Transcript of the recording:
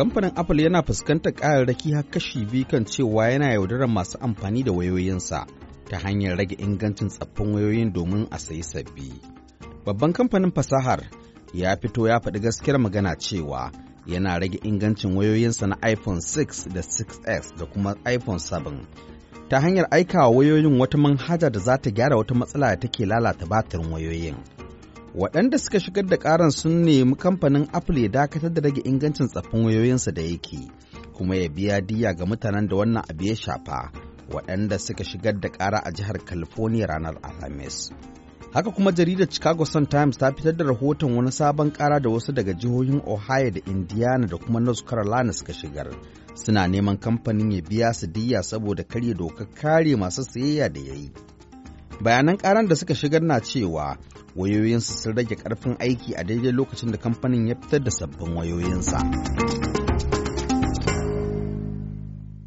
kamfanin apple yana fuskantar kararraki har kashi biyu kan cewa yana yaudarar masu amfani da wayoyinsa ta hanyar rage ingancin tsaffin wayoyin domin a sayi sabbi babban kamfanin fasahar ya fito ya faɗi gaskiyar magana cewa yana rage ingancin wayoyinsa na iphone 6 da 6s da kuma iphone 7 ta hanyar aikawa wayoyin wata manhaja da za ta gyara wata matsala da take lalata batirin wayoyin waɗanda suka shigar da ƙaran sun nemi kamfanin apple ya dakatar da rage ingancin tsaffin wayoyinsa da yake kuma ya biya diya ga mutanen da wannan abu ya shafa waɗanda suka shigar da ƙara a jihar california ranar alhamis haka kuma jaridar chicago sun times ta fitar da rahoton wani sabon ƙara da wasu daga jihohin ohio da indiana da kuma north carolina suka shigar suna neman kamfanin ya biya su diya saboda karya dokar kare masu sayayya da ya yi bayanan karan da suka shigar na cewa wayoyinsu sun rage karfin aiki a daidai lokacin da kamfanin ya fitar da sabbin wayoyinsa.